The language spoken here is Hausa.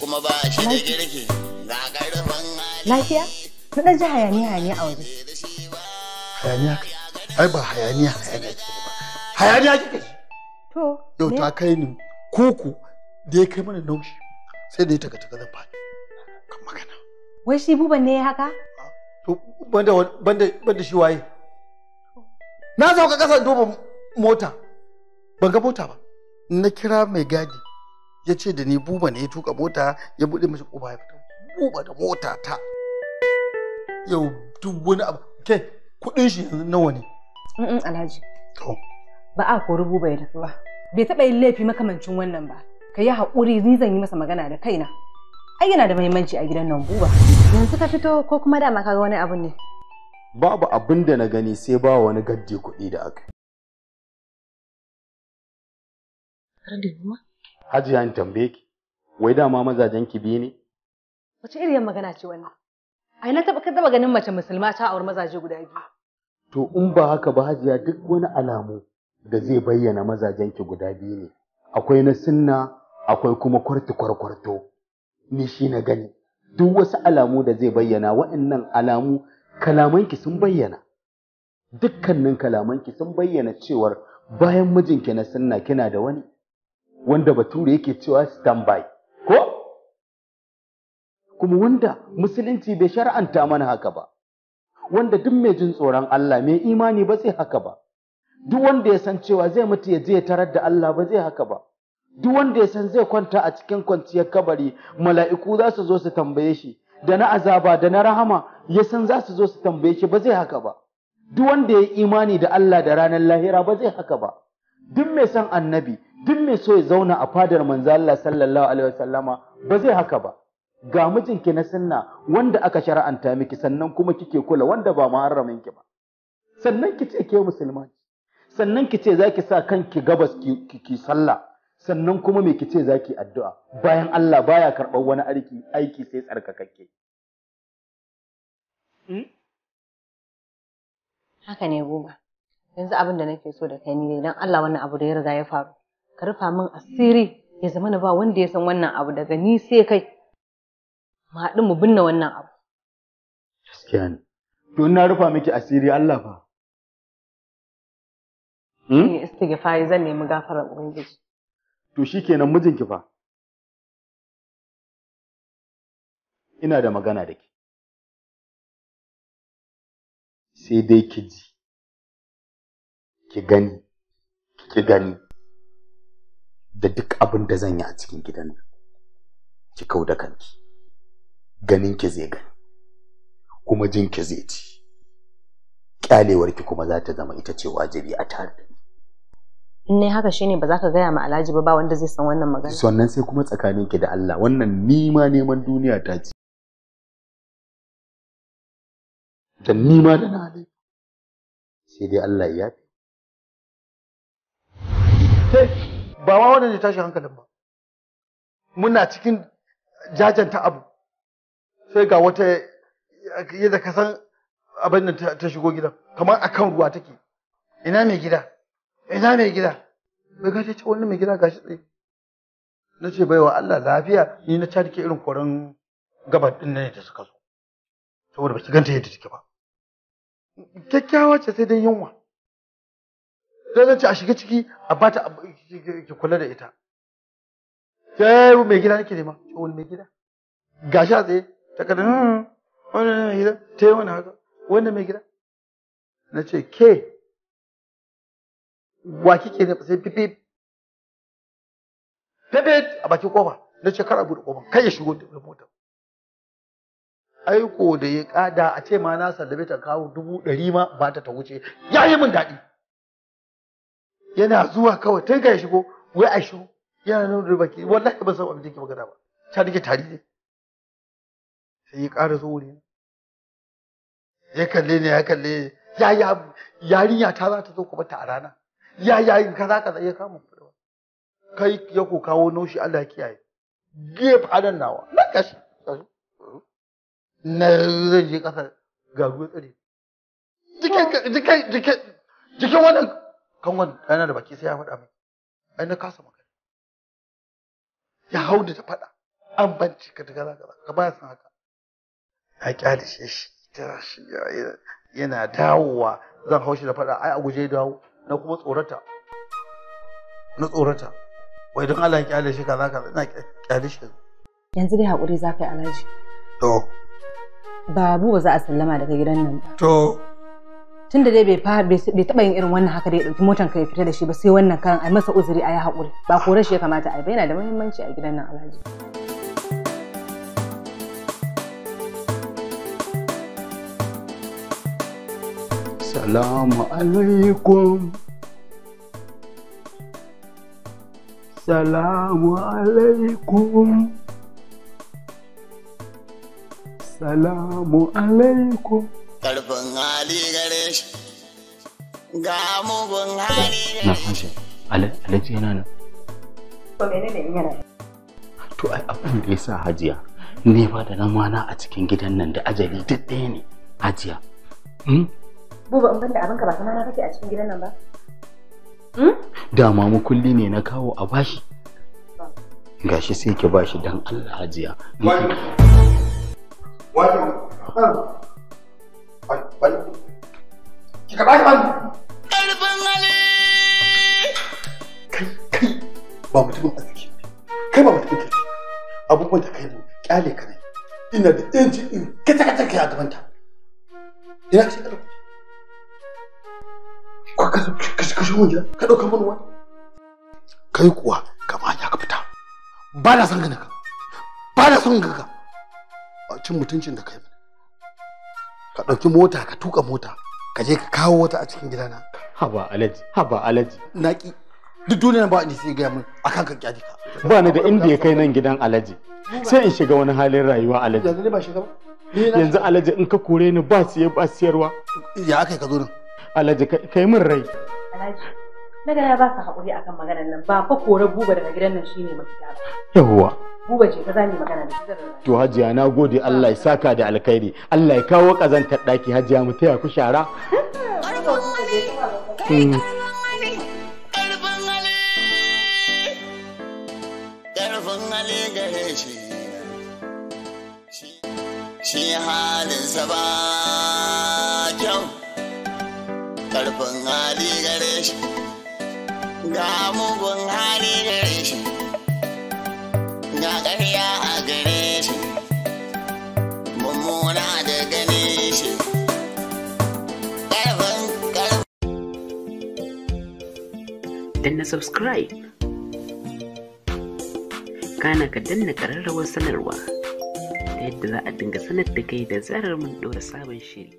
kuma ba shi da girki ga karfin lafiya na ɗan ji hayaniya hayaniya a waje hayaniya ai ba hayaniya hayaniya ke ba hayaniya kike to yau ta kai ni kuku da ya kai mana naushi sai da ya taka taka zan faɗi kan magana wai shi buban ne ya haka ah, to banda banda banda shi waye na sauka kasa duba mota ban ga mota ba na kira mai gadi ya ce da ni buba ne ya tuka mota ya buɗe mashi ƙuba ya fita buba da mota ta yau duk wani abu ke kuɗin shi yanzu nawa ne alhaji to ba a kori buba ya tafi ba bai taɓa yin laifi makamancin wannan ba ka yi haƙuri ni zan yi masa magana da kaina ai yana da muhimmanci a gidan nan buba yanzu ka fito ko kuma dama ka ga wani abu ne babu abin da na gani sai ba wani gaddi kuɗi da aka. yi. hajiya in tambaye ki wai dama mazajen ki biyu ne wace iriyar magana ce wannan ai na taba taba ganin mace musulma ta aure mazaje guda biyu to in ba haka ba hajiya duk wani alamu da zai bayyana mazajen ki guda biyu ne akwai na sunna akwai kuma kwarti kwarkwarto ni shi na gani duk wasu alamu da zai bayyana waɗannan alamu kalamanki sun bayyana dukkanin kalamanki sun bayyana cewar bayan mijinki na sunna kina da wani wanda bature yake cewa standby ko kuma wanda musulunci bai shar'anta mana haka ba wanda duk mai jin tsoron Allah mai imani ba zai haka ba duk wanda ya san cewa zai mutu ya je ya tarar da Allah ba zai haka ba duk wanda ya san zai kwanta a cikin kwanciyar kabari mala'iku za su zo su tambaye shi da na azaba da na rahama ya san za su zo su tambaye shi ba zai haka ba duk wanda ya yi imani da Allah da ranar lahira ba zai haka ba duk mai san annabi duk mai so ya zauna a fadar manzo Allah sallallahu alaihi wasallama ba zai haka ba ga mijinki na sunna wanda aka shara'anta miki sannan kuma kike kula wanda ba muharramin ki ba sannan ki ce ke musulma sannan ki ce zaki sa kanki gabas ki ki sallah sannan kuma me kice zaki addu'a bayan Allah baya karɓar wani aiki aiki sai tsarkakakke hmm? haka ne goma yanzu abin da nake so da kai ne dan Allah wannan abu da ya riga ya faru ka rufa min asiri ya zama na ba wanda ya san wannan abu daga ni sai kai mu haɗu mu binne wannan abu gaskiya ne to na rufa miki asiri Allah fa hmm? Ni istighfari zan nemi gafarar ubangiji to shikenan mijinki fa ina da magana da ke sai dai ki ji ki gani ki gani da duk abin da zan yi a cikin gidan nan ki kau da kanki ganin ki zai gani kuma jin ki zai ci kyalewar ki kuma za ta zama ita ce wajibi a tare da in ne haka shine ba za ka gaya ma alhaji ba ba wanda zai san wannan magana sannan sai kuma tsakanin ki da Allah wannan nima neman duniya ta ce da nima da na sai dai Allah ya Hey! ba wa wannan ne tashi hankalin ba muna cikin jajanta abu sai ga wata yadda ka san abin da ta shigo gidan kamar akan ruwa take ina mai gida ina mai gida bai ga ce wani mai gida gashi tsaye na ce baiwa Allah lafiya ni na cari ke irin koren gabar din ne da suka zo saboda ba ki ganta yadda take ba kyakkyawa ce sai dai yunwa sai a shiga ciki a bata ki kula da ita sai mai gida nake nema wani mai gida gashi a tsaye ta kada hmm, hmm, wani mai gida ta yi wani haka wani mai gida na ce ke wa kike ne sai pipi pipi a bakin kofa na ce kar a buɗe kofa kai ya shigo da mota aiko da ya kada a ce ma na sallabe ta kawo dubu ɗari ma ba ta ta wuce ya yi min daɗi yana zuwa kawai tun ka shigo wai a shigo yana nan da baki wallahi ba san abin da yake magana ba ta dake tari ne sai ya ƙara zo wuri ya kalle ne ya kalle ya ya yarinya ta za ta zo kuma ta a rana ya ya kaza kaza ya kama kuɗi kai ya ko kawo naushi Allah ya kiyaye gefe anan nawa na kashi na zan je ƙasa ga ruwa tsare jikin jikin jikin wannan kanwan yana da baki sai ya faɗa mai ai na kasa magana ya hau da ta faɗa an banci ka daga kaza ka ba san haka ya kyale shi shi ta shi yana dawowa zan hau shi da faɗa ai a guje dawo na kuma tsorata na tsorata wai don Allah ya kyale shi kaza kaza ina kyale shi yanzu dai hakuri za yi alaji to babu ba za a sallama daga gidan nan ba to tun da dai bai fa bai taba yin irin wannan haka da ya dauki motan ka ya fita da shi ba sai wannan karan ai masa uzuri ai haƙuri ba ko rashi ya kamata ai ba yana da muhimmanci a gidan nan Alhaji Salamu alaikum Salamu alaikum Salamu alaikum karfin hali gare shi ga mugun hali na fashe alhaji yana nan to menene in yana to ai abin da yasa hajiya ne ba da ramana a cikin gidan nan da ajali duk ɗaya ne hajiya hmm? buba in banda abinka ba kana na kake a cikin gidan nan ba hmm? dama mu kulli ne na kawo a bashi gashi sai ki bashi don Allah hajiya wato wato ban ki ka baki ban karfin hali kai kai ba mutumin arziki kai ba mutumin kirki abubuwan da kai mu kyale ka nai ina da inji in kata kata kai a gaban ta ina ka shekara ka kashe kashe mun gida ka ɗauka mun wani kai kuwa kama ya ka fita ba na son ganin ka ba na son gaga a cin mutuncin da kai ka ɗauki mota ka tuka mota ka je ka kawo wata a cikin gidana haba alaji haba alaji naki duk duniyar ba ni sai gaya min akan ka kyadi ka ba ni da inda ya kai nan gidan alaji sai in shiga wani halin rayuwa alaji yanzu ne ba shiga ba yanzu alaji in ka kore ni ba siye ba siyarwa ya aka ka zo nan alaji kai min rai na ga ba su haƙuri akan maganar nan ba fa kore buba daga gidan nan shine mafita yawwa buba ce ka zani magana da to hajiya na gode Allah ya saka da alkhairi Allah ya kawo kazantar daki hajiya mu taya ku shara hmm. Shi halin ba kyau, ƙarfin hali gare shi. ga mugun hali gare shi ga ƙarya a gare shi mummuna da gane shi ƙarfin ƙarfin danna subscribe kana ka danna ƙararrawar sanarwa ta yadda za a dinga sanar da kai da zarar mun ɗora sabon shiri